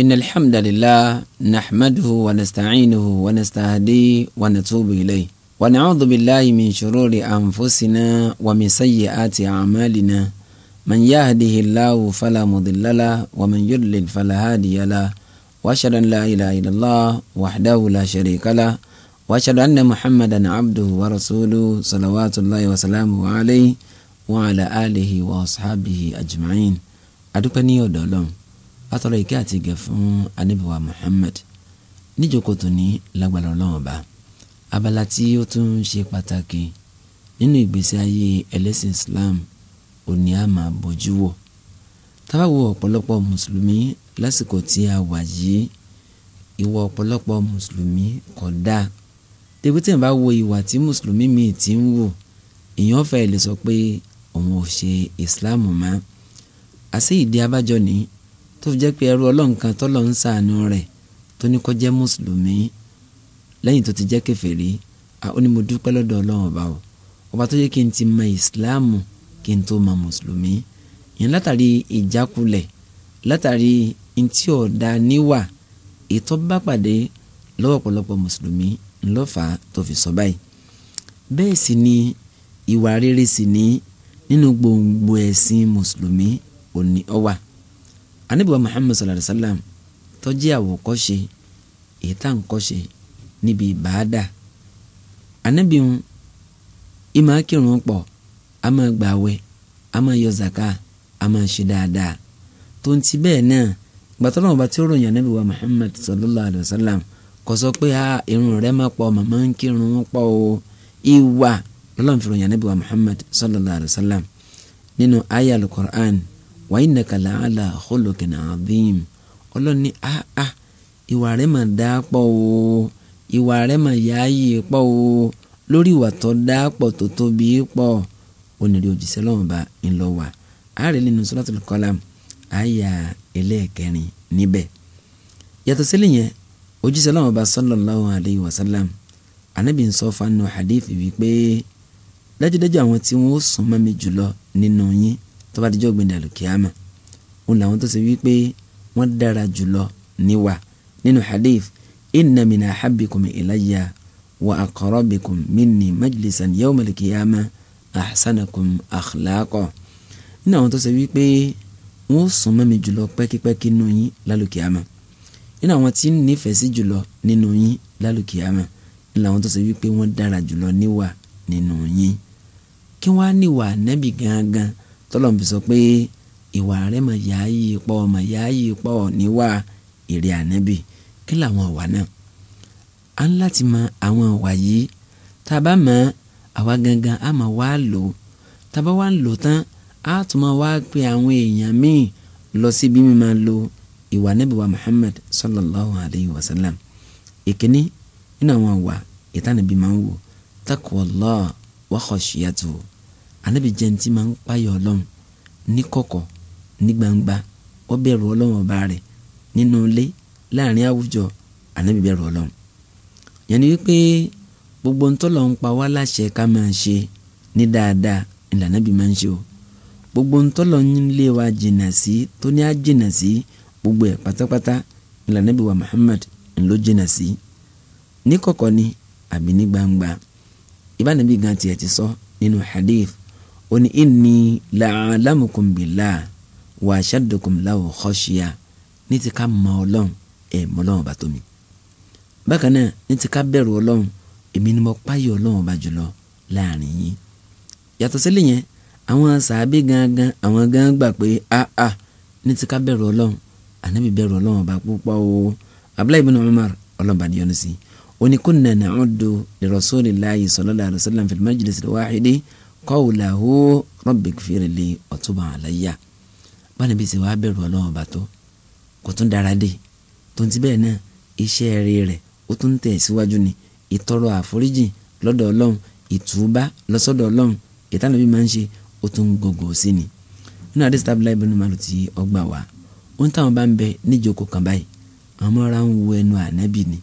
إن الحمد لله نحمده ونستعينه ونستهديه ونتوب إليه ونعوذ بالله من شرور أنفسنا ومن سيئات أعمالنا من يهده الله فلا مضل له ومن يضلل فلا هادي له وأشهد أن لا إله إلا الله وحده لا شريك له وأشهد أن محمدا عبده ورسوله صلوات الله وسلامه عليه وعلى آله وأصحابه أجمعين أدوبني ودولهم atọ́lọ́ ìké àti ìgẹ̀ fún anábìwá Muhammad níjókòó tòní lágbára Ọlọ́run Ọba abala tí ó tún ṣe pàtàkì nínú ìgbésí ayé ẹlẹ́sìn Islam òní a máa bójú wò tábàwò ọ̀pọ̀lọpọ̀ mùsùlùmí lásìkò tí a wà yìí ìwà ọ̀pọ̀lọpọ̀ mùsùlùmí kò dáa tẹ̀wétẹ̀ bá wo ìwà tí mùsùlùmí míì ti ń wò èèyàn fẹ́ lè sọ pé òun ò ṣe Islam mọ́ àṣé ìdí abájọ ni tó fi jẹ́ pé ẹrú ọlọ́run kan tọ́lọ́ ń ṣàánú rẹ̀ tó ní kó jẹ́ mùsùlùmí lẹ́yìn tó ti jẹ́ kèfèrí ó ní mo dúpẹ́ lọ́dọ̀ ọlọ́run ọba o ọba tó yẹ kí n ti mọ ìsìláàmù kí n tó mọ mùsùlùmí ìyẹn látàrí ìjákulẹ̀ látàrí ntí ọ̀dà níwà ètò bá pàdé lọ́wọ́ ọ̀pọ̀lọpọ̀ mùsùlùmí ńlọ́fà tó fi sọ báyìí bẹ́ẹ̀ sì ni ìwà rere sì ní nínú gbòǹgbò ẹ̀sìn mùsùlùmí òní ọ̀wà anabiwa muhammad sallallahu alayhi wa sallam tó jẹ́ àwòkọ́ṣe èyí tá à ń kọ́ṣe níbi ìbáadà anabiun ìmọ̀ akírun pọ̀ a máa gbààwẹ̀ a máa yọ zaka a máa ṣe dáadáa tó ń ti bẹ́ẹ̀ náà gbàtọ́ náà ọba tí ó ròyìn anabiwa muhammad sallallahu alayhi wa sallam kò sọ pé a ah, irun rẹ̀ máa pọ̀ màmá ń kírun pọ̀ o ìwà lọ́lọ́mfìròyìn anabiwa muhammad sallallahu alayhi wa sallam nínú ayé alukur'an wa innaka la'ala khuluqin adhim ọlọ́ni àá ah, ah, ìwà rẹ̀ mà dáa pọ̀ o ìwà rẹ̀ mà yáàyè pọ̀ o lórí ìwà tó dáa pọ̀ tó tóbi pọ̀ onírè òjìṣẹ́ lọ́wọ́n bá ń lọ wà àárẹ̀ nínú Suratul Qalam àyà ẹlẹ́ẹ̀kẹrin níbẹ̀ yàtọ̀ sílẹ̀ yẹn òjìṣẹ́ lọ́wọ́n bá sallallahu alayhi anabi ń sọ hadith wípé dájúdájú àwọn tí wọ́n sún mọ́ mi jùlọ nínú yín tó bá dijọ́ gbẹ̀dẹ̀ àlùkìyàmà òun làwọn tó ṣe wípé wọ́n dára jùlọ níwà nínú hadith inna min ahabbikum ilayya wa aqrabikum minni majlisan yawma al-qiyamah ahsanakum akhlaqa nínú àwọn tó ṣe wípé wọ́n sùn mọ́ mi jùlọ pẹ́kípẹ́kí nínú yín lálùkìyàmà nínú àwọn tí ń nífẹ̀ẹ́ sí jùlọ nínú yín lálùkìyàmà nínú àwọn tó ṣe wípé wọ́n dára jùlọ níwà nínú yín kí wọ́n á níwà nẹ́bì gángan tọ́lọ́n sọ pé ìwà rẹ mà yá yìí pọ̀ mà yá yìí pọ̀ níwà èrè ànábì kí làwọn ọ̀wà náà a ń láti mọ àwọn ọ̀wà yìí tá a bá mọ àwa gangan a máa wá lò tá a bá wá lò tán a tún máa wá pe àwọn èèyàn míì lọ síbi mi máa lo ìwà nábì wa Muhammad sallallahu alayhi wa sallam ìkíní nínú àwọn ọ̀wà ìtànàbí máa ń wò taqwallah wa khashiyatuhu anabi jẹnti máa ń payọ Ọlọ́run ní kọ̀kọ̀ ní gbangba ó bẹ̀rù Ọlọ́run ọba rẹ̀ nínú ilé láàrin àwùjọ anabi bẹ̀rù Ọlọ́run yẹn ni wípé gbogbo ntọ́lọ̀ ń pa wá láṣẹ ká máa ṣe ní dáadáa ìlànà anabi máa ń ṣe o gbogbo ntọ́lọ̀ ń lé wa jìnnà sí tó ní á jìnnà sí gbogbo ẹ̀ pátápátá ìlànà anabi wa Muhammad ńlọ jìnnà sí ní kọ̀kọ̀ ni àbí ní gbangba ìbánabi gan tiẹ̀ ti sọ nínú hadith ó ní inni la'alamukum billah wa ashaddukum lahu khashya ní ti ká mọ ọlọ́run ẹ̀ mọ ọlọ́run ọba tó mi bákan náà ní ti ká bẹ̀rù ọlọ́run èmi ni mo páyọ̀ ọlọ́run ọba jùlọ láàrin yín yàtọ̀ sílẹ̀ yẹn àwọn sàábé gangan àwọn gan gbà pé áá ní ti ká bẹ̀rù ọlọ́run ànábì bẹ̀rù ọlọ́run ọba púpọ̀ o abdullahi bin umar ọlọ́ba di ọ́nà sí i oníkùnà nàcúdù lirasulillahi sallallahu alaihi wasallam fil majlis alwahidi qawlahu rabbighfirli wa tub alayya báyìí bí ṣe wàá bẹ̀rù ọlọ́run bá tó kò tún dára dé tó ti bẹ́ẹ̀ náà iṣẹ́ rí rẹ̀ ó tún tẹ̀ síwájú ni ìtọrọ àforíjì lọ́dọ̀ ọlọ́run ìtúbá lọ́sọ́dọ̀ ọlọ́run ìtànàbí máa ń ṣe ó tún gbogbo sí ni nínú àdé sábàlá ibùdó màlúù ti ọgbà wá ó ń táwọn bá ń bẹ níjókòó kan báyìí àwọn ọmọ ara ń wo ẹnu ànábì ni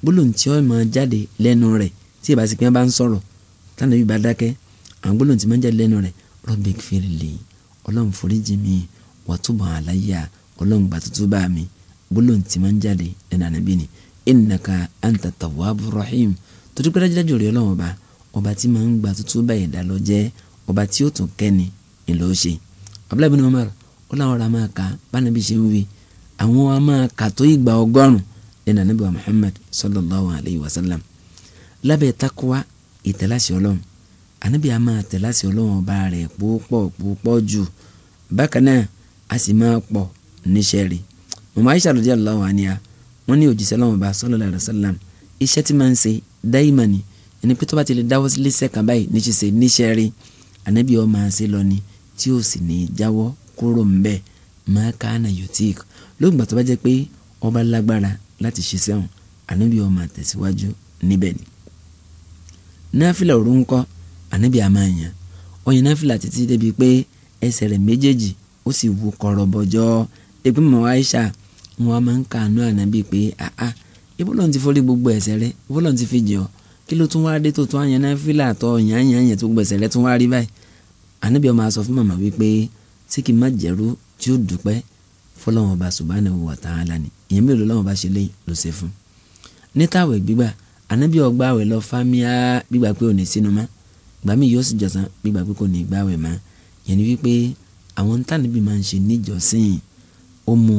gbólóhùn tí ó máa jáde lẹ́nu rẹ̀ tí ìbá sì àgbọ̀lọ̀ tí máa ń jáde lẹ́nu rẹ̀ rọ́bì fèrèlè ọlọ́run foríjì mi wàtúbọ̀ àlàyé ọlọ́run gbà tuntun bá mi gbọ́lọ̀ tí máa jáde lẹ́nu ànábì ni innaka anta tawwabu rahim torí pé dájúdájú rẹ̀ ọlọ́run ọba ọba tí máa ń gbà tuntun bá ẹ̀dá lọ jẹ́ ọba tí ó tún kẹ́ni ńlọ ṣe abúlé ibn Umar ó láwọn ra máa ka bánabi ṣe ń wí àwọn wa máa kà tó ìgbà ọgọ́rùn lẹ́nu ànábì wa Muhammad sallallahu alayhi wa sallam lábẹ́ takuwa ìtẹ̀láṣẹ ọlọ́run ànábì a máa tẹ̀ láti ọlọ́run ọba rẹ̀ púpọ̀ púpọ̀ jù bákan náà a sì máa pọ̀ níṣẹ́ rẹ̀ mọ̀mọ́ Aisha radiyallahu anha wọ́n ní òjíṣẹ́ ọlọ́run ọba sallallahu alaihi wasallam iṣẹ́ tí máa ń ṣe dáìmà ni ẹni pé tó bá ti lè dáwọ́ sílé sẹ́kàn báyìí níṣẹ́ ṣe níṣẹ́ rẹ̀ ànábì ó máa ṣe lọ ni tí ó sì ní jáwọ́ kúrò ńbẹ̀ máa ká ànà yotik lóògbà tó bá jẹ́ pé ọba lágbára láti ṣe sẹ́wọ̀n ànábì ó máa tẹ̀síwájú níbẹ̀ ni náfìlà òru ńkọ́ ànábì àmàyàn ó yan náfìlà títí débi pé ẹsẹ̀ rẹ̀ méjèèjì ó sì wú kọ̀rọ̀bọ̀jọ́ ebi mọ̀ Aisha wọn máa ń kàánú ànábì pé àá ibùdó ti forí gbogbo ẹsẹ̀ rẹ̀ ibùdó ti fi jẹ́ ọ kí ló tún wá dé tó tún àyàn náfìlà tó yàn yàn yàn tó gbogbo ẹsẹ̀ rẹ̀ tún wá rí báyìí ànábì ó máa fún màmá wípé ṣé kí n má jẹ́rú tí ó dúpẹ́ fọlọ́wọn ọba subhanahu wa ta'ala ni ìyẹn mélòó lọ́wọ́n bá ṣe lé ló ṣe fún. nítawẹ̀ gbígbà ànábì ó gbààwẹ̀ lọ fámíà gbígbà pé ò ní sínú mọ́ gbàmí yóò sì jọ̀sán gbígbà pé kò ní í gbàwẹ̀ mọ́ yẹn ni wípé àwọn tánibí máa ń ṣe níjọ́sìn ó mú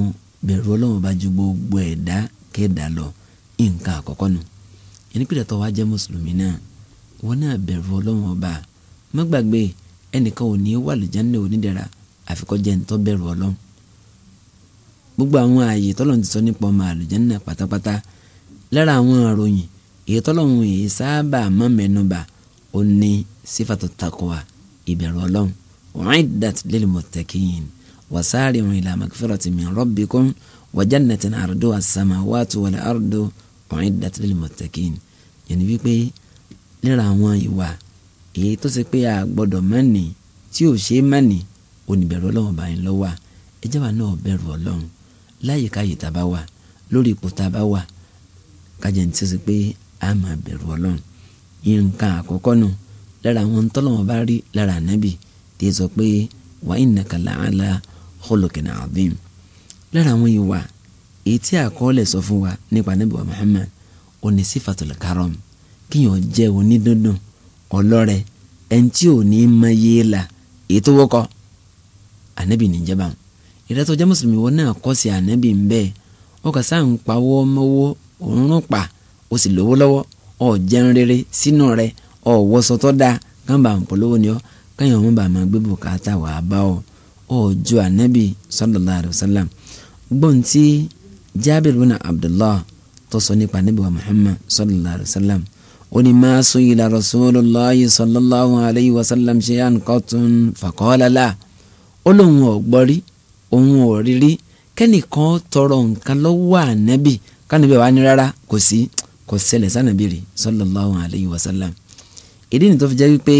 bẹ̀rù ọlọ́run bá ju gbogbo ẹ̀dá kẹ́ẹ̀dá lọ nǹkan àkọ́kọ́ nu yẹn ni pé dàtọ̀ wá jẹ́ mùsùlùmí náà wọn náà bẹ̀rù ọlọ́run ọba má gbàgbé ẹnìkan ò ní wà lùjánnà onídẹ̀ra àfikọ́ jẹ́ ntọ́ bẹ̀rù ọlọ́run gbogbo àwọn ààyè tọ́lọ́run ti sọ nípa ọmọ àlùjánnà pátápátá lára àwọn àròyìn èyí tọ́lọ́run sábà má mẹ́nuba ó ní sífàtò takuwa ìbẹ̀rù ọlọ́run u'iddat lil muttaqin wasari'u ila magfirati min rabbikum wa jannatin arduha as-samawati wal ardu u'iddat lil muttaqin yẹn ni wípé lára àwọn ìwà èyí tó ṣe pé a gbọ́dọ̀ tí ò ṣe é oníbẹ̀rù ọlọ́run ọba yẹn lọ́wọ́ ẹ wa náà bẹ̀rù ọlọ́run láyìíká yìí tá a bá wà lórí ipò tá a bá wà kájẹ́ ní tí ṣe pé a máa bẹ̀rù ọlọ́run nǹkan àkọ́kọ́ nù lára àwọn tọ́lọ́mọ bá rí lára ànábì tí sọ pé wa innaka la'ala khuluqin azim lára àwọn ìwà èyí tí àkọọ́lẹ̀ sọ fún wa nípa ànábì wa Muhammad òní sífàtul karam kíyàn jẹ́ onídùndùn ọlọ́rẹ ẹni tí ò ní mọ yé la èyí tó wọ́kọ́ ànábì níjẹba ìrẹ́tọ̀ jẹ́ mùsùlùmí wọn náà kọ́ sí ànábì ń bẹ́ẹ̀ ọkọ̀ sáà ń pawọ́ mọ́wọ́ òun rún pa ó sì lówó lọ́wọ́ ọ̀ jẹun rere sínú rẹ ọ̀ wọṣọ tó dáa kàn bá ń polówó ni ọ́ káyọ̀ ọmọ bàá máa gbé wà á bá ọ ọ̀ ju ànábì sallallahu alaihi wasallam gbọ́n tí Jabir bin Abdullah tó sọ nípa ànábì wa Muhammad sallallahu alaihi wasallam ó ní máa sọ ìlà Rasulullahi sallallahu alaihi wasallam ṣe à ń kọ́tún fàkọ́ọ́lálà ó lóun ò gbọ́ rí òun ò rí kẹ́nìkan tọrọ nǹkan lọ́wọ́ ànábì kánibẹ̀ wá ní rárá kò sí kò ṣẹlẹ̀ sànàbí rí sallallahu alayhi wa sallam ìdí ni tó fi jẹ́ wípé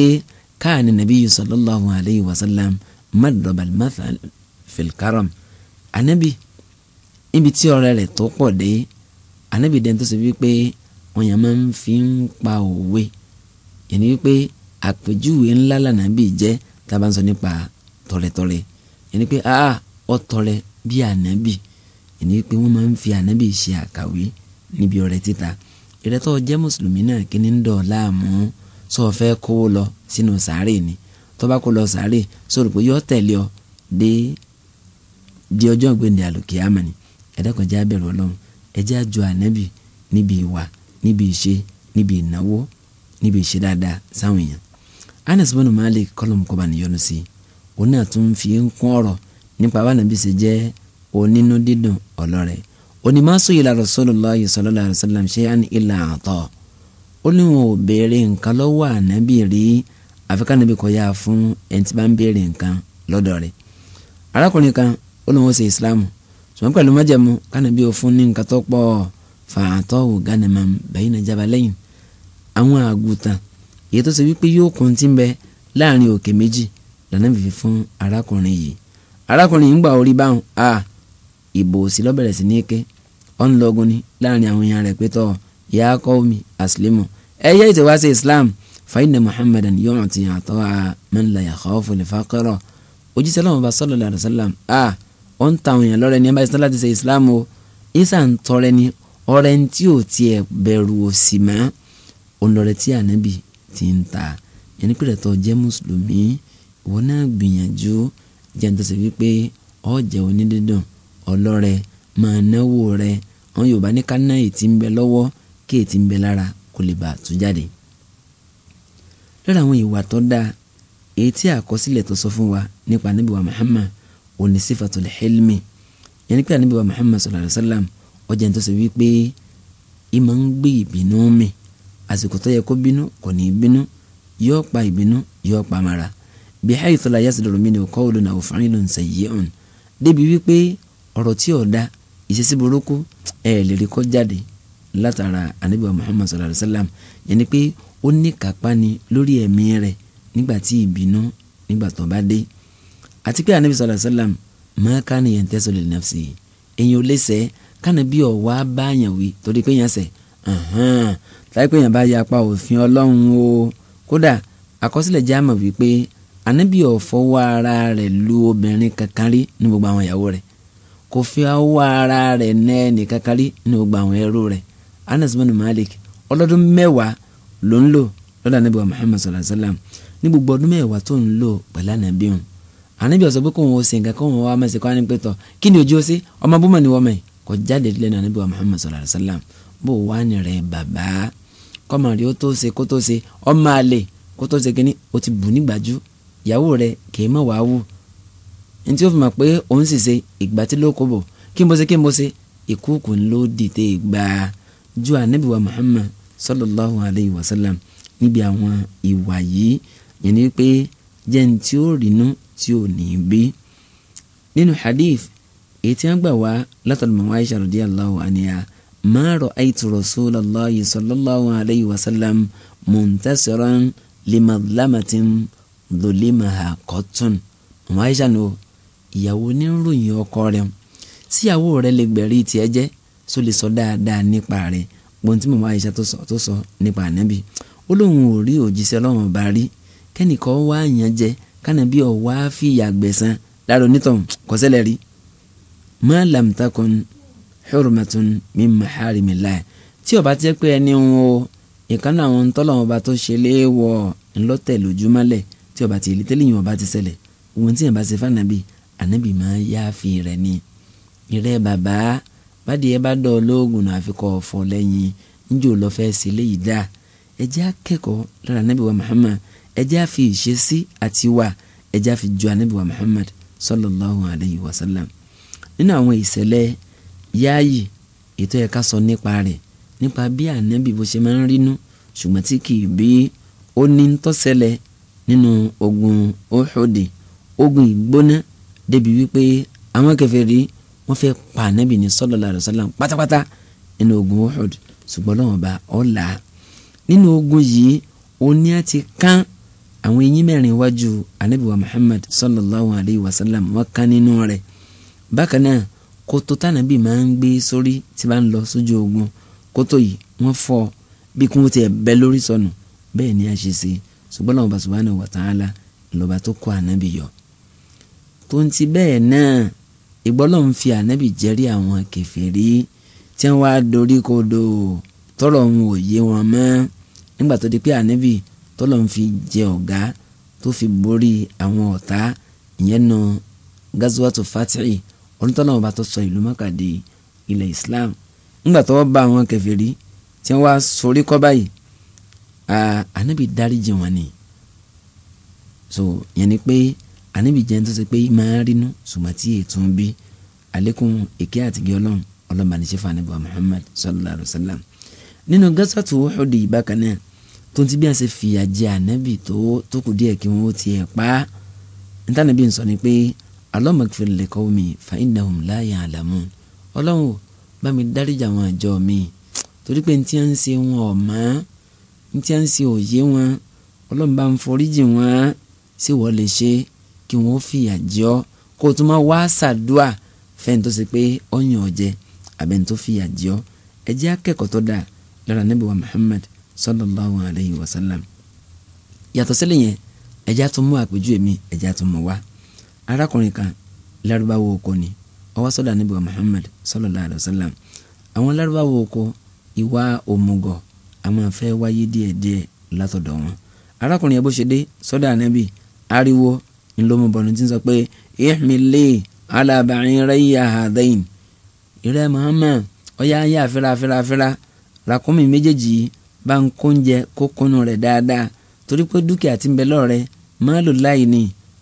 káàní nàbí yìí sallallahu alayhi wa sallam madrobal mathal filkaram anabi ibi tí ọ̀rẹ́ rẹ̀ tó pọ̀ dé anabi dẹ́n tó ṣe wípé wọ́n yẹn máa ń fi ń pa òwe yẹn wípé àpèjúwe ńlá lànàbí jẹ́ tá ń sọ nípa tọrẹtọrẹ yẹn pé ah ọ tọrẹ bí anabi yẹn wípé wọ́n máa ń fi anabi ṣe àkàwé níbi ọrẹ títa ìrẹ́tọ́ jẹ́ mùsùlùmí náà kí ni ń dọ̀ láàmú sọ fẹ́ kó lọ sínú sàárè ni tó bá kó lọ sàárè sọ̀rọ̀ pé yọ tẹ̀lé ọ dé di ọjọ́ ìgbéǹde àlùkìyàmà ni ẹ̀dẹ́kọ̀já bẹ̀rù ọlọ́run ẹjẹ́ àjọ ànábì níbi ìwà níbi ìṣe níbi ìnáwó níbi ìṣe dáadáa sáwọn èèyàn Anas bọ́nu Malik kọ́lọ́m kọ́ba níyọnu sí òun náà tún fi ń kún ọ̀rọ̀ nípa abánàbí ṣe jẹ́ onínú dídùn ọlọ́rẹ̀ẹ́ onímọ̀sọ la Rasulullahi sallallahu alaihi wasallam shay'an illa ata ó ní wọn ò béèrè nǹkan lọ́wọ́ ànábì rí àfikà níbi kọjá fún ẹni tí bá ń béèrè nǹkan lọ́dọ̀ rẹ̀ arákùnrin kan ó lóun ó ṣe Islam ṣùgbọ́n pẹ̀lú májẹ̀mú kánàbí ó fún ní nǹkan tó pọ̀ fàátọ́ ògánimam bayna jabalayn àwọn àgùntàn èyí tó ṣe wípé yóò kún tí ń bẹ láàrin òkè méjì lọ́nà fífi fún arákùnrin yìí arákùnrin yìí ń gbà orí báwọn a ah, ìbò òsì lọ́bẹ̀rẹ̀ sí ní ké ọ̀n lọ́gun ni láàrin àwọn èèyàn rẹ̀ pé tọ́ ya qaumi aslimu ẹ yẹ́ ìtẹ̀wá sí islam fa inna muhammadan yu'ti ata'a man la yakhafu al-faqra òjíṣẹ́ lọ́wọ́ bá sallallahu alaihi wasallam a ó ń ta àwọn èèyàn lọ́rẹ́ ní ẹ̀bá ìsìlá láti ṣe islam o isa ń tọrẹ ni ọrẹ tí ò tiẹ̀ bẹ̀rù òsì mọ́ ọlọ́rẹ́ tí ànábì ti ń ta yẹn ní pẹ̀lẹ́ jẹ́ mùsùlùmí ìwọ náà gbìyànjú jẹ́ ń tọ́sí wípé ó jẹ́ onídídùn ọlọ́rẹ́ máa náwó rẹ àwọn Yorùbá ní ká ná ètí ń bẹ lọ́wọ́ kí ètí ń bẹ lára kó lè bàa tú jáde. lára àwọn ìwà tó dáa èyí tí àkọsílẹ̀ tó sọ fún wa nípa Ànábì Muhammad òní sífàtul hilmi yẹn ni pé Ànábì wa Muhammad sallallahu alayhi wa ọjà tó sọ wípé ìmọ̀ ń gbé ìbínú mi àsìkò tó yẹ kó bínú kò ní bínú yóò pa ìbínú yóò pa mara bí haythu la yasduru minhu qawlun aw fi'lun sayyi'un débi wípé ọ̀rọ̀ tí ò dáa ìṣesí burúkú ẹ lè rí kó jáde látara anabi muhammad sallallahu alaihi wa sallam yẹn ni pé ó ní kápá ni lórí ẹ̀mí rẹ̀ nígbà tí ìbínú nígbà tó bá dé àti pé anabi sallallahu alayhi wa sallam máa ká ni yẹn tẹ́sọ̀ lè nàfṣì èyàn ò lè sẹ́ kánà bí ọ̀wá bá yàn wí torí pé yàn sẹ̀ táyé pé yàn bá ya apá òfin ọlọ́run o kódà àkọsílẹ̀ jáàmù wípé anabi ò fọwọ́ ara rẹ̀ lu obìnrin kankan rí ní gbogbo àwọn ìyàwó rẹ̀ kò fi awọ ara rẹ̀ nẹ́ ẹnìkan kárí ní gbogbo àwọn ẹrú rẹ̀ Anas bin Malik ọlọ́dún mẹ́wàá ló ń lò lọ́dọ̀ anábì wa Muhammad sallallahu alayhi wa sallam ní gbogbo ọdún mẹ́wàá tó ń lò pẹ̀lú anábì wọn anábì ọ̀sọ́ pé kò wọ́n ṣe nǹkan kó wọ́n wá mẹ́sẹ̀ kó kí ni ojú ó sí ọmọ búmọ̀ ni wọ́n mẹ́ kò jáde lẹ́nu anábì wa Muhammad sallallahu alayhi wa sallam bó wà ní rẹ̀ bàbá kọ́mọ rí ó tó ṣe kó tó ṣe ọmọ àlè kó tó ṣe kínní ó ti bù nígbàjú ìyàwó rẹ̀ kì í mọ̀ wá wù ntí ó fi mọ̀ pé òun sì ṣe ìgbà tí ló kó bọ̀ kí mo ṣe kí mo ṣe ìkúùkù ló dìde ìgbà ju ànábì wa Muhammad sallallahu alayhi wa sallam níbi àwọn ìwà yìí yẹn ni pé jẹ́ ní tí ó rìnnú tí ò ní bí nínú hadith èyí tí wọ́n gbà wá látọ̀dọ̀ mọ̀mọ́ Aisha radiyallahu anha ma ra'aytu sallallahu alayhi wa sallam muntasiran limadlamatin dhulimaha qattun mọ̀mọ́ Aisha ni o ìyàwó ní ń ròyìn ọkọ rẹ̀ ń síyàwó rẹ̀ lè gbẹ̀rí tiẹ̀ jẹ́ só lè sọ dáadáa nípa rẹ̀ gbọ́n tí màmá Àìṣà tó sọ tó sọ nípa ànábì ó lóun ò rí òjíṣẹ́ Ọlọ́run bá rí kẹ́nìkan wá yàn jẹ kánàbí ọ̀wá fìyà gbẹ̀san lára onítọ̀hún kọ́sẹ́lẹ̀ rí má làmùtàkùn hurmatun min maharimillah tí ó bá ti pé ẹni ń wo ìkànnì àwọn ntọ́lọ́wọ́n bá tó ṣe léèwọ̀ ńlọ́tẹ̀ lójúmọ́lẹ̀ tí ó bá ti èlé tẹ́lẹ̀ ti ṣẹlẹ̀ òun tí yẹn bá ṣe fànàbí anabi ma yáàfin fi ni ìrẹ́ bàbá ba ẹ bá dọ̀ olóògùn náà àfikọ́ ọ̀fọ̀ lẹ́yìn níjẹ́ ò lọ fẹ́ sí léyìí dáa anabi jẹ́ akẹ́kọ̀ọ́ lára ànábì wa Muhammad ẹ jẹ́ àfi ìṣesí àti wà fi ju anabi wa Muhammad sallallahu alayhi wa salam nínú àwọn ìṣẹ̀lẹ̀ yaayi ètò ẹ̀ka sọ nípa rẹ̀ nípa bí ànábì bó ṣe máa ń rínú ṣùgbọ́n tí kì í bí ó ní nínú ogun Uhud ogun ìgbóná débi wípé àwọn kèfèrí wọ́n fẹ́ pa ànábì ní sallallahu alaihi wasallam pátápátá nínú ogun Uhud ṣùgbọ́n lọ́wọ́n bá ọ̀la nínú ogun yìí oní á ti kán àwọn eyín mẹ́rin iwájú ànábì wa Muhammad sallallahu alaihi wasallam wọ́n kán nínú rẹ̀ bákan náà kótó tànàbì máa ń gbé sórí tí bá ń lọ sójú ogun kótó yìí wọ́n fọ́ bí kún tiẹ̀ bẹ́ lórí sọnù bẹ́ẹ̀ ni a ṣe ṣe ṣùgbọ́n lọ́wọ́n bá subhanahu wa ta'ala lọ́ba tó kọ́ ànábì yọ tó ń ti bẹ́ẹ̀ náà ìgbọ́lọ́hún fi ànábì jẹ́rí àwọn kèfèrí tí wọ́n wá dorí kodò tọ́lọ̀ ń wòye wọn mọ́ nígbà tó di pé ànábì tọ́lọ̀ ń fi jẹ ọ̀gá tó fi borí àwọn ọ̀tá ìyẹn nu gazuwatu fatihi onítọ́nà ọba tó sọ ìlú Mákà ilẹ̀ Islam nígbà tó bá àwọn kèfèrí tí wọ́n wá sorí kọ́ báyìí ànábì dáríjì wọn ni so yẹn ni pé ànábì jẹ́ tó ṣe pé máa rínú sùmọ́tì ètùn bí alẹ́kùn èké àtìgẹ́ ọlọ́run ọlọ́mọbaníṣẹ́ fún Muhammad sallallahu alayhi wa sallam nínú gásàtò Uhudi bákan náà tó ti bí a ṣe fìyà jẹ ànábì tó kù díẹ̀ kí wọ́n ti ẹ̀ pa á ntànàbí ń sọ ni pé alọ́mọkìfẹ́ lẹ́kọ́ mi fa innahum la ya'lamun ọlọ́run bá mi dáríjà wọn àjọ mi torí pé ntí à ń ṣe wọn ọ̀mọ́ ntí à ń ṣe òye wọn ọlọ́run bá ń foríjì wọn ṣé wọ́n lè ṣe kí wọ́n fìyà jẹ ọ́ kó o tún máa wá ṣàdúà fẹ́ni tó ṣe pé ọ̀yàn ọ̀jẹ̀ àbẹ̀ni tó fìyà jẹ ọ́ ẹ akẹ́kọ̀ọ́ tó dáa lára Ànábì wa Muhammad sallallahu alayhi wa sallam yàtọ̀ sílẹ̀ yẹn ẹ jẹ́ àtún mú àpèjúwe mi ẹ jẹ́ mú wá arákùnrin kan lárúbáwò oko ni ó wá sọ́dọ̀ wa Muhammad sallallahu alayhi wa sallam àwọn lárúbáwò oko ìwà òmùgọ̀ a máa fẹ́ wáyé díẹ̀díẹ̀ látọ̀dọ̀ wọn arákùnrin yẹn bó ṣe dé sọ́dọ̀ Ànábì ariwo ńlọmọ bọ̀nù tí ń sọ pé ihmili ala ba'irayya hadain ìrẹ́ Muhammad ọ̀yá ayé àfẹ́ra àfẹ́ra àfẹ́ra ràkúnmí méjèèjì bá ń kóúnjẹ kó kúnnú rẹ̀ dáadáa torí pé dúkìá ti ń bẹ lọ́rẹ̀ máa lò láì ní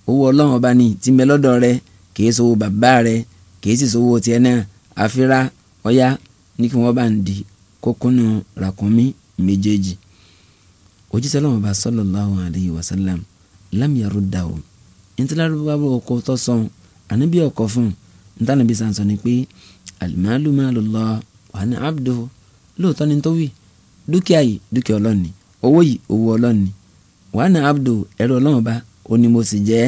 owó ọlọ́run ọba ní ti ń bẹ lọ́dọ̀ rẹ̀ kìí sowó bàbá rẹ̀ kìí sì sowó tiẹ̀ náà àfẹ́ra ọ̀yá ní kí wọ́n bá ń di kó kúnnú ràkúnmí méjèèjì òjíṣẹ́ lọ́wọ́ bá sallallahu alayhi wa sallam lam yaruddahu ntilarubawo ọkọ tó sọ ànábì ọkọ fún ntànàbí sàǹsọ ni pé alimalu maalullah wa ana abduhu lóòótọ́ ni tó wí dúkìá yìí dúkìá Ọlọ́run ni owó yìí owó Ọlọ́run ni wa ana abduhu ẹrú Ọlọ́run ọba ó ní mo sì jẹ́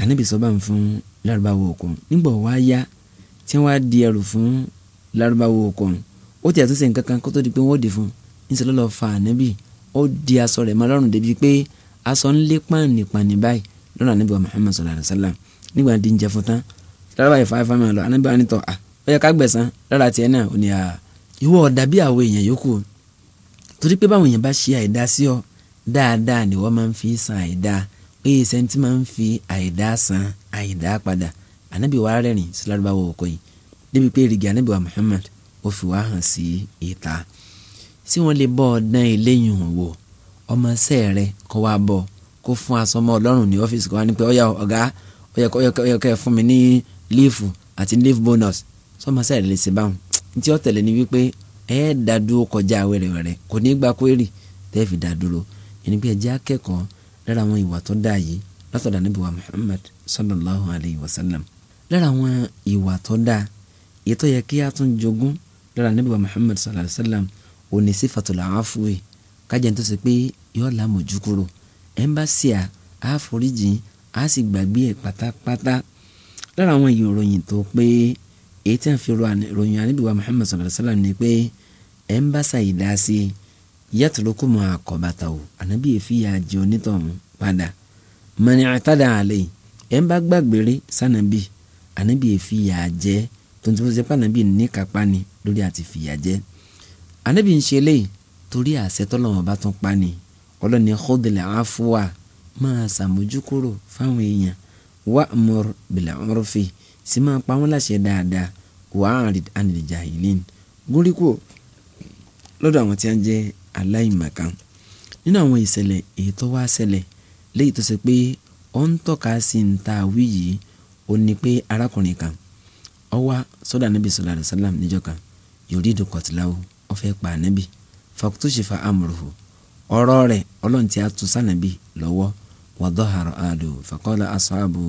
ànábì sọ́bà ń fún larubawo ọkọ nígbà wá yá tí wọ́n á di ẹrù fún larubawo ọkọ ó ti àtúnṣe nǹkan kan kó tó di pé wọ́n ó di fún níṣẹ́ ló fa ànábì ó di aṣọ rẹ̀ mọ́ lọ́rùn débi pé aṣọ ńlé pàǹdìpàǹdì báyìí lọ́nà ànábì wa Muhammad sallallahu alayhi wa sallam nígbà tí ń jẹ fún tán lára báyìí fáfá máa lọ ànábì wa ní tọ́ à ó yẹ ká gbẹ̀sán lára tiẹ̀ náà ò ní à ìwọ ọ̀dà bí àwọn èèyàn yòókù torí pé báwọn èèyàn bá ṣe àìdá sí ọ dáadáa ni wọ́n máa ń fi san àìdá oye sẹ́ńtì máa ń fi àìdá san àìdá padà ànábì wa rẹ́rìn sí lárúbáwọ̀ ọkọ yìí débi pé Muhammad ó fi wá hàn sí ìta sí wọ́n lè bọ́ ọ̀dán ọmọ iṣẹ́ rẹ kó wá bọ̀ kó fún asọmọ ọlọ́run ní ọ́fíìsì kó wá ní pé ọ̀yà ọ̀gá ọ̀yà fún mi ní líìfù àti leave bonus sọmọ iṣẹ́ rẹ lè ṣe báwọn ntí ó tẹ̀lé ni wípé ẹ dàdúró kọjá wẹ̀rẹ̀wẹ̀rẹ̀ kò ní gba kwérì tẹ́ fi dàdúró ẹni pé ẹjẹ́ akẹ́kọ̀ọ́ lára àwọn ìwà tó dáa yìí látọ̀dá níbi wa Muhammad sallallahu alayhi wa sallam lára àwọn ìwà tó dáa èyí yẹ kí a tún jogún lára níbi wa Muhammad sallallahu alayhi wa sallam òní sífàtúlà áfúwèé kájẹ́ tó ṣe pé yóò lámòjú kúrò ẹ̀ńbàṣì à á foríjì á sì gbàgbé ẹ̀ pátápátá lára àwọn ìròyìn tó pé èyí tí a fi ròyìn àníbíwá Muhammad sallallahu alayhi wa sallam ni pé ẹ̀ńbàṣà ìdásí yàtúrókù mọ́ àkọ́bàtà o ànábì èéfì yà jẹ́ onítọ̀hún padà mọ̀nì àtàdà àlẹ́ ẹ̀ńbà gbàgbére sànàbì ànábì èéfì yà jẹ́ tuntun tó ṣe pé níkàpá ni lórí àti fìyà jẹ́ ànábì ń ṣe léyìí torí àṣẹ tọ́lọ́wọ́n bá tún pa ni ọlọ́ni kọ́dìlẹ̀ àfúwà máa ṣàmójúkúrò fáwọn èèyàn wà mọ́r bìlà ọ̀rọ̀fẹ́ sì máa pa wọ́n láṣẹ dáadáa wà á rí ànìlẹ̀jà ìlín gúríkò lọ́dọ̀ àwọn tí a ń jẹ́ aláìmọ̀kan nínú àwọn ìṣẹ̀lẹ̀ èyí tó wá ṣẹlẹ̀ léyìí tó ṣe pé ó ń tọ́ka sí ń ta àwí yìí ó ní pé arákùnrin kan ó wá sọ́dọ̀ ànábì sallallahu alaihi wasallam níjọ́ kan yuridu qatlahu ó fẹ́ pa ànábì fakutushifa amruhu ọ̀rọ̀ rẹ̀ ọlọ́run ti atu sànàbí lọ́wọ́ wàdọ́hàrọ̀ àdó fàkọ́lá aṣáàbù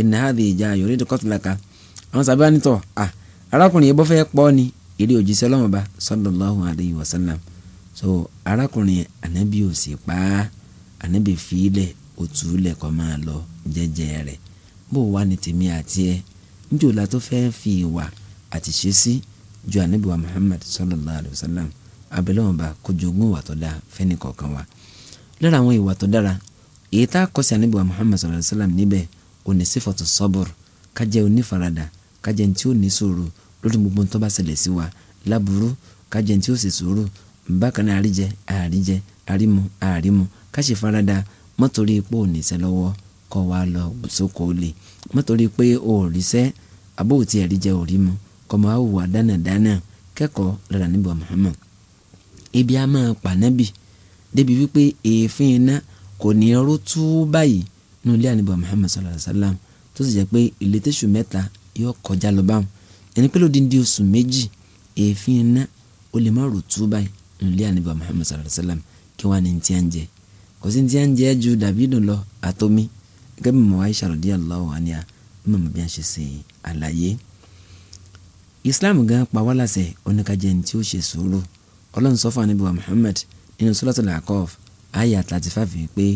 ìnà àdé ìjà yorì dùkọ́tìláka àwọn sábà nítọ̀ à arákùnrin yẹn bọ́ fẹ́ pọ́ ni ìrí òjíṣẹ́ ọlọ́run bá sallallahu alayhi so arákùnrin ànábì ò sì pa á ànábì fìlẹ̀ òtù lẹ̀ kọ́ máa lọ jẹ́jẹ́ rẹ̀ bó wà ní tèmi àti ẹ níjọ́ tó fẹ́ fi ìwà àtìṣe sí ju ànábì wa Muhammad sallallahu alayhi wa abẹ́lẹ́wọ̀n bá kojogún ìwà tó dáa fẹ́ni kọ̀ọ̀kan wa lára àwọn ìwà tó dára èyí tá a kọ́ sí anábìwá Muhammad sallallahu alayhi wa sallam níbẹ̀ òní sífọ̀tò sọ́bùr kájẹ́ onífaradà kájẹ́ ntí ó ní sùúrù lórí gbogbo tó bá ṣẹlẹ̀ sí wa láburú kájẹ́ ntí ó sì sùúrù bákan náà àríjẹ àríjẹ àrímu àrímu káṣí faradà mọ́tòrí pé òní sẹ́ lọ́wọ́ kọ́ wa lọ sóko lè mọ́tòrí pé òòrìṣẹ́ abóòtí ẹ̀ríjẹ òrímu kọ́mọ́ àwòwà dánadáná kẹ́kọ̀ọ́ lára níbọ̀ Muhammad ebi a máa pànábì débi wípé èéfín iná kò ní ọrọ́ tú báyìí nínú ilé àníbọ̀ Muhammad sallallahu alayhi wa sallam tó sì jẹ́ pé ìlétẹ́sù mẹ́ta yóò kọjá lọ báwọn ẹni pé lóde di oṣù méjì èéfín iná ó lè má rò tú báyìí nínú ilé àníbọ̀ Muhammad sallallahu alayhi wa sallam kí wàá ní ti à ń jẹ kò sí ti à ń jẹ ju dàbí dùn lọ àtomi gẹ́gẹ́ bí mo wáyé ṣàròdí Allahu àníyá mọ̀ bí a ṣe ṣe àlàyé Islam gan pa wá láṣẹ ní tí ó ṣe sùúrù ọlọ́run sọ fún ànábì wa Muhammad nínú suratul A'raf àyá thirty five yìí pé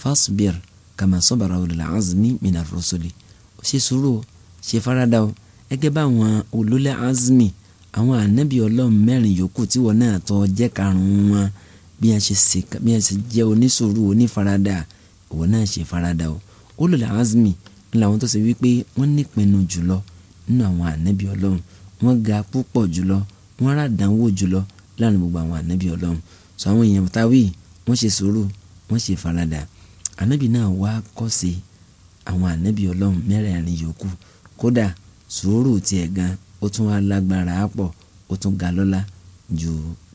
fasbir kama sabara ulul azmi minar rusuli ṣe sùúrù o ṣe farada o gẹ́gẹ́ bá àwọn ulul azmi àwọn ànábì ọlọ́run mẹ́rin yòókù tí wọn náà tọ́ jẹ́ karùn-ún wọn bí a ṣe jẹ́ onísùúrù onífarada ìwọ náà ṣe farada o ulul azmi làwọn tó ṣe wípé wọ́n nípinnu jùlọ nínú àwọn ànábì ọlọ́run wọ́n ga púpọ̀ jùlọ wọ́n ràdánwò jùlọ láàrin gbogbo àwọn ànábì ọlọ́run sọ àwọn èèyàn táwí wọ́n ṣe sùúrù wọ́n ṣe faradà ànábì náà wá kọ́ sí àwọn ànábì ọlọ́run mẹ́rẹ̀ẹ̀rin yòókù kódà sùúrù tiẹ̀ gan ó tún wá lágbára á pọ̀ ó tún ga lọ́lá ju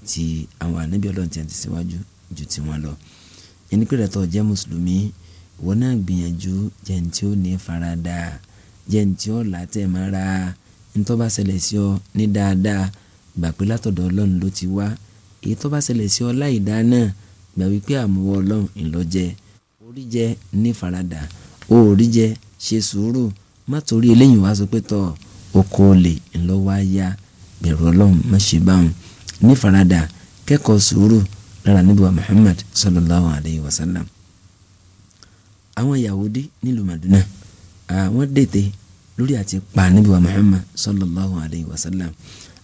ti àwọn ànábì ọlọ́run tí a ti síwájú ju ti wọn lọ ẹni pé rẹ̀ tó jẹ́ mùsùlùmí ìwọ náà gbìyànjú jẹ́ ní tí ó ní faradà jẹ́ ní tí ó là mọ́ra ní tó bá ṣẹlẹ̀ sí ọ ní dáadáa gbà pé látọ̀dọ̀ ọlọ́run ló ti wá èyí tó bá ṣẹlẹ̀ sí ọ láìdá náà gbà wípé àmúwọ́ ọlọ́run ńlọ́jẹ́ oríjẹ ní faradà oríjẹ ṣe sùúrù má torí eléyìí wá sọ pé tọ oko olè ńlọ́wọ́ ayá bẹ̀rù ọlọ́run má ṣe báwọn ní faradà kẹ́kọ̀ọ́ sùúrù lára níbi Muhammad sallallahu alayhi wa sallam àwọn Yahudi nílùú Madina àwọn ah, dètè lórí àti pa níbi Muhammad sallallahu alayhi wa sallam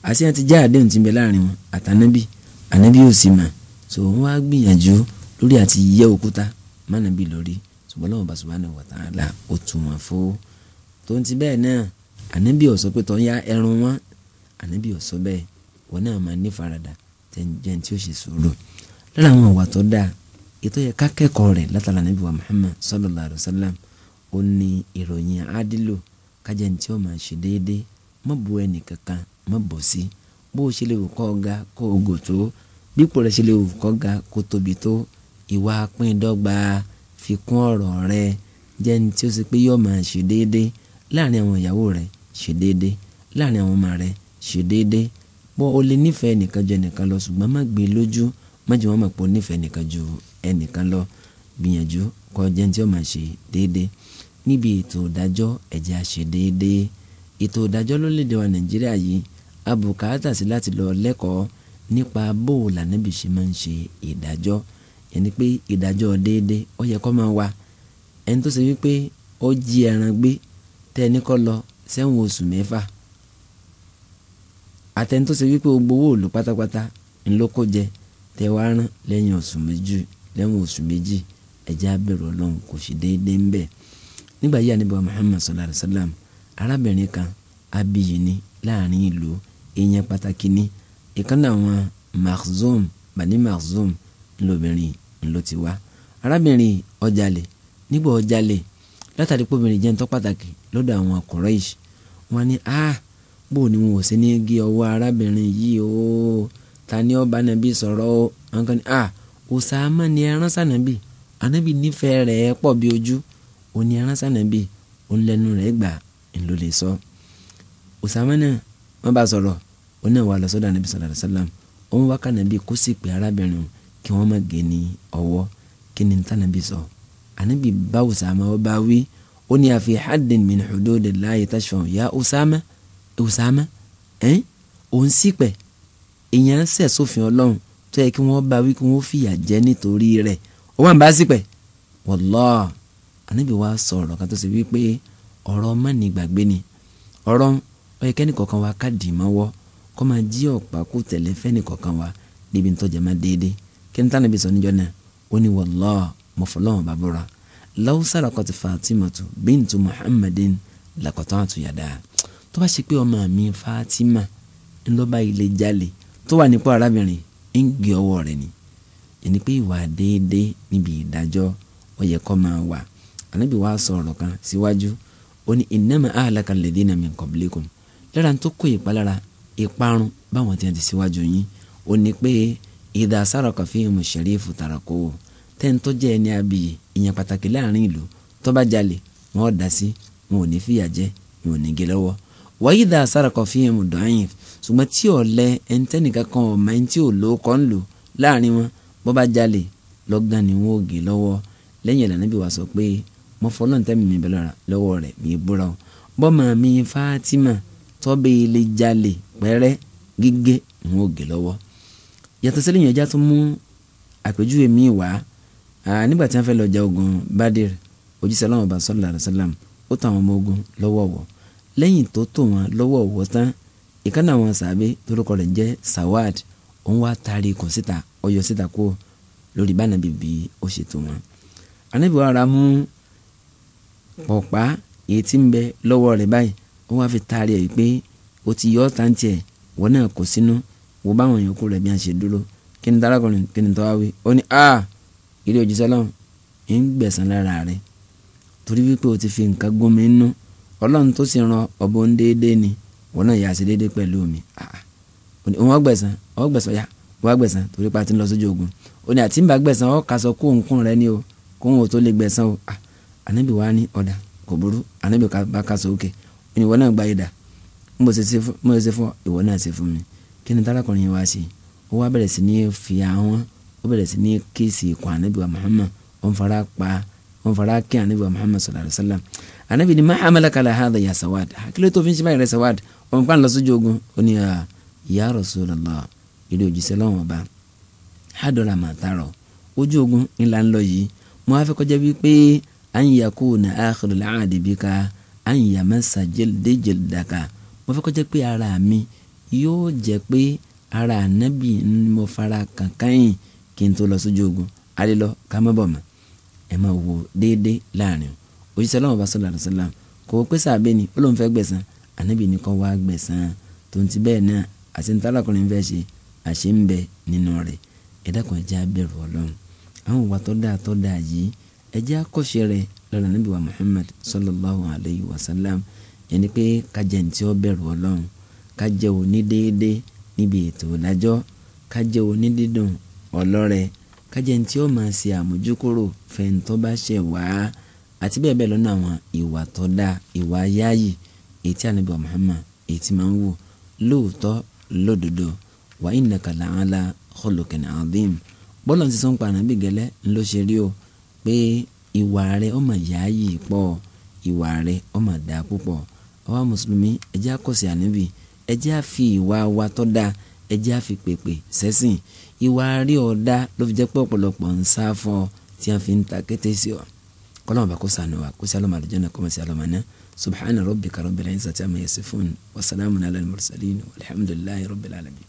àti àti já àdéhùn ti bẹ láàrin wọn àtànábì ànábì ò sì mà so wọn wá gbìyànjú lórí àti yẹ òkúta mánàbí lórí ṣùgbọ́n lọ́wọ́ bá subhanahu wa ta'ala ó tù wọ́n fó tó ń ti bẹ́ẹ̀ náà ànábì ò sọ pé tó ya ẹrun wọn ànábì ò sọ bẹ́ẹ̀ wọn náà máa ní faradà tẹ̀jẹ̀ tí ó ṣe sùúrù lára àwọn ọ̀wà tó dáa ètò yẹ kákẹ́kọ̀ọ́ rẹ̀ látara ànábì wa Muhammad sallallahu alayhi wa sallam ó ní ìròyìn adilu kájẹ́ ní tí ó máa ṣe déédéé má bu ẹnì kankan má bọ̀ sí bó o ṣe lè wù kó ga kó o gò tó bípò rẹ ṣe lè wù kó ga kó tóbi tó ìwà pín dọ́gba fi kún ọ̀rọ̀ rẹ jẹ́ ní tí ó ṣe pé yóò máa ṣe déédéé láàrin àwọn ìyàwó rẹ ṣe déédéé láàrin àwọn ọmọ rẹ ṣe déédéé bó o lè nífẹ̀ẹ́ ẹnìkan ju ẹnìkan lọ ṣùgbọ́n má gbé lójú má jẹ́ wọ́n mọ̀ pé o nífẹ̀ẹ́ ẹnìkan ju ẹnìkan lọ gbìyànjú kó jẹ́ ní tí ó máa ṣe déédéé níbi ètò ìdájọ́ ẹ̀jẹ̀ àṣe ètò ìdájọ́ lórílẹ̀‐èdè wa nàìjíríà yìí abùkátà sí láti lọ lẹ́kọ̀ọ́ nípa bó o lànàbì ṣe máa ń ṣe ìdájọ́ yẹni pé ìdájọ́ déédé ó yẹ kó máa wà ẹni tó ṣe wípé ó jí ẹran gbé tẹ́ni kó lọ sẹ́wọ̀n oṣù mẹ́fà àtẹni tó ṣe wípé gbogbo owó òòlù pátápátá ńlọ́kọ jẹ tẹ wá rán lẹ́yìn oṣù méjì lẹ́wọ̀n oṣù méjì ẹ̀jẹ̀ abẹ́rẹ́ ọlọ́run kò ṣe déédé ńbẹ̀ nígbà yíyá níbi wa Muhammad sallallahu alayhi wa sallam arábìnrin kan abiyì ni láàrin ìlú èèyàn pàtàkì ni ìkànnì àwọn Makhzum Bani Makhzum lóbìnrin ló ti wá arábìnrin ọjàlè nígbà ọjàlè látàrí pòbìnrin jẹ́ ntọ́ pàtàkì lọ́dọ̀ àwọn Quraysh wọn ni a bò ní wọn ò sí ní gé ọwọ́ arábìnrin yìí o ta ni ọba nàbí sọ̀rọ̀ o àwọn kan ní a Usama ni ẹran sànàbì ànábì nífẹ̀ẹ́ rẹ̀ pọ̀ bí ojú òní ẹran sànàbì òun lẹ́nu rẹ̀ gbà ńlọ lè sọ Usama náà wọ́n bá sọ̀rọ̀ ó náà wà lọ́sọ́dọ̀ anabi sallallahu alayhi wa sallam ó ń wákà nàbí kó sì pé arábìnrin kí wọ́n má gé ní ọwọ́ kí ni níta nàbí sọ anabi bá Usama ó bá wí ó ní àfi haddin min hududillahi tashfa'u ya Usama Usama ẹ̀ òun sì pẹ̀ èèyàn ń ṣẹ̀ sófin ọlọ́run tó yẹ kí wọ́n bá wí kí wọ́n fìyà jẹ nítorí rẹ̀ ó wà ń bá sí anabi wa sọ̀rọ̀ kan tó ṣe wípé ọ̀rọ̀ mọ́ni gbàgbé ni ọ̀rọ̀ ọ̀yẹ́ kẹ́ni kọ̀ọ̀kan wa ká dì mọ́ wọ́ kọ́ máa jí ọ̀pá kó tẹ̀lé fẹ́ni kọ̀ọ̀kan wa níbi ń tọ́jà máa déédé kí n tánà bí sọ níjọ́ náà ó ní wallahi mo fọlọ́wọ́n bá búra law sarakot Fatimatu bintu Muhammadin laqata'tu yadaha tó bá ṣe pé ọmọ mi Fatima ńlọ́ba ilé jalè tó wà nípò arábìnrin ń gé ọwọ́ rẹ̀ ni ẹni pé ìwà déédé níbi ìdájọ́ ó máa wà ànábì wa sọ ọ̀rọ̀ kan síwájú si ó ní innama ahlaka alladhina min qablikum lára tó kó ìpalára ìparun báwọn tí wọ́n ti síwájú yín ó ní pé idha saraka fihimu sharifu tarakuhu tẹ́ni tó jẹ́ ẹni abiyì ìyẹn pàtàkì láàrin ìlú tó bá jalè wọn ò dá sí wọn ò ní fìyà jẹ wọn ò ní gé lọ́wọ́ wa idha saraka fihimu da'if ṣùgbọ́n tí ò lẹ ẹnitẹ́nìkan kan ọ̀ máa ń tí ò lò ó kọ́ ń lò láàrin wọn bó bá mo fọlọ́n tẹ́mi mi bẹ́ẹ̀ lọ́wọ́ rẹ̀ mi búra o bọ́mọ mi Fatima tọ́bẹ̀ ilé jalè pẹ́rẹ́ gígé ń ògè lọ́wọ́ yàtọ̀ sílẹ̀ yẹn já tó mú àpèjúwe mi wá nígbà tí wọ́n fẹ́ lọ ja ogun Badir òjíṣẹ́ aláwọ̀ bá sọ́lá àdàsálàm ó tàn àwọn ọmọ ogun lọ́wọ́ọ̀wọ́ lẹ́yìn tó tò wọ́n lọ́wọ́ọ̀wọ́ tán ìkànnì àwọn sàbẹ̀ torúkọ rẹ̀ jẹ́ Sawad òun wá taari ikùn síta ọyọ síta kó lórí bánàbí bí ó ṣètò wọn. anábìwá ara mú ọ̀pá èyí tí ń bẹ lọ́wọ́ rẹ̀ báyìí ó wá fi taari ẹ̀ pé ó ti yọ ọ́ tàǹtì ẹ̀ wọ́n náà kò sínú wo báwọn yòókù rẹ̀ bí wọ́n ṣe dúró kí ni dárákùnrin kí ni tọ́ wá wí ó ní a ilé òjíṣẹ́ lọ́hùn ń gbẹ̀sán lára rẹ̀ torí wípé o ti fi nǹkan gún mi nú ọlọ́run tó sì ran ọ̀bọ ń déédéé ni wọ́n náà yà á sí déédéé pẹ̀lú mi wọ́n gbẹ̀sán wọ́n gbẹ̀sán yá wọ́n gbẹ̀sán torí pa anabi wa ni ọ̀dà kò burú anabi bá ka sókè ìwọ náà gba ìdá mo ṣe fún ìwọ náà ṣe fún mi kí ni tálákùnrin wa ṣe ó wá bẹ̀rẹ̀ sí ní fi àwọn ó bẹ̀rẹ̀ sí ní kéèsì ikọ̀ anabi wa Muhammad ó ń fara pa ó ń fara kí anabi wa Muhammad sallallahu alayhi wa sallam anabi ni ma amalaka la ya sawad kí ló tó fi ń ṣe báyìí rẹ sawad ọmọ kan lọ sójú ogun ó ní ah, ya Rasulullah ilé òjíṣẹ́ lọ́wọ́ ọba hadọ́ra màtá rọ ojú ogun ńlá ńlọ yìí mo á kọjá bíi pé an yakuna akhiru al-ahdi bika an yamassa jildi daka. mo fẹ́ kó jẹ́ pé ara mi yóò jẹ́ pé ara ànábì ni mo fara kankan yìí kí n tó lọ sójú ogun alẹ́ lọ ká má bọ̀ mọ́ ẹ máa wo déédéé láàrin o òjíṣẹ́ ọlọ́run bá sọ̀rọ̀ àdùsọ́lá kò pé sàbẹ̀ ni ó lóun fẹ́ gbẹ̀san ànábì ni kò wá gbẹ̀san tó bẹ́ẹ̀ náà àti níta fẹ́ ṣe àṣẹ ń bẹ nínú rẹ̀ ẹ dákun jẹ́ abẹ̀rù ọlọ́run àwọn ìwà tó dáa tó dáa yìí ẹjẹ́ àkọ́ṣe rẹ̀ lọ́la níbi wa Muhammad sallallahu alayhi wa sallam ẹni pé kájẹ́ ní tí ó bẹ̀rù ọlọ́run kájẹ́ òní déédé níbi ètò ìdájọ́ kájẹ́ òní dídùn ọlọ́rẹ̀ kájẹ́ ní tí ó máa ṣe àmójúkúrò fẹ̀ǹtọ́ bá ṣẹ̀ wá àti bẹ́ẹ̀ bẹ́ẹ̀ lọ́nà àwọn ìwà tó dáa ìwà yáàyè ètí ànábì wa Muhammad ètí máa ń wò lóòótọ́ lódodo wàá ìnàkàlà àlà khuluqin adhim bọ́lá ti sọ́n pa ànábì pé ìwà rẹ ọmọ ìyá yìí pọ̀ ìwà rẹ ọmọ dá púpọ̀ àwa mùsùlùmí ẹ jẹ́ á kọ̀ sí ànábì ẹ jẹ́ á fi ìwà wa tó dáa ẹ jẹ́ á fi pèpè sẹ́sìn ìwà rí ọ dá ló fi jẹ́ pé ọ̀pọ̀lọpọ̀ ń sá fún ọ tí a fi ń ta kété sí ọ kọ́lọ́mù bá kó sànù wa kó sí alọ́mọ àlùjànnà kó mọ̀ sí alọ́mọ náà subhana rabbika rabbil izzati amma yasifun wa salamun ala al-mursalin walhamdulillahi rabbil alamin.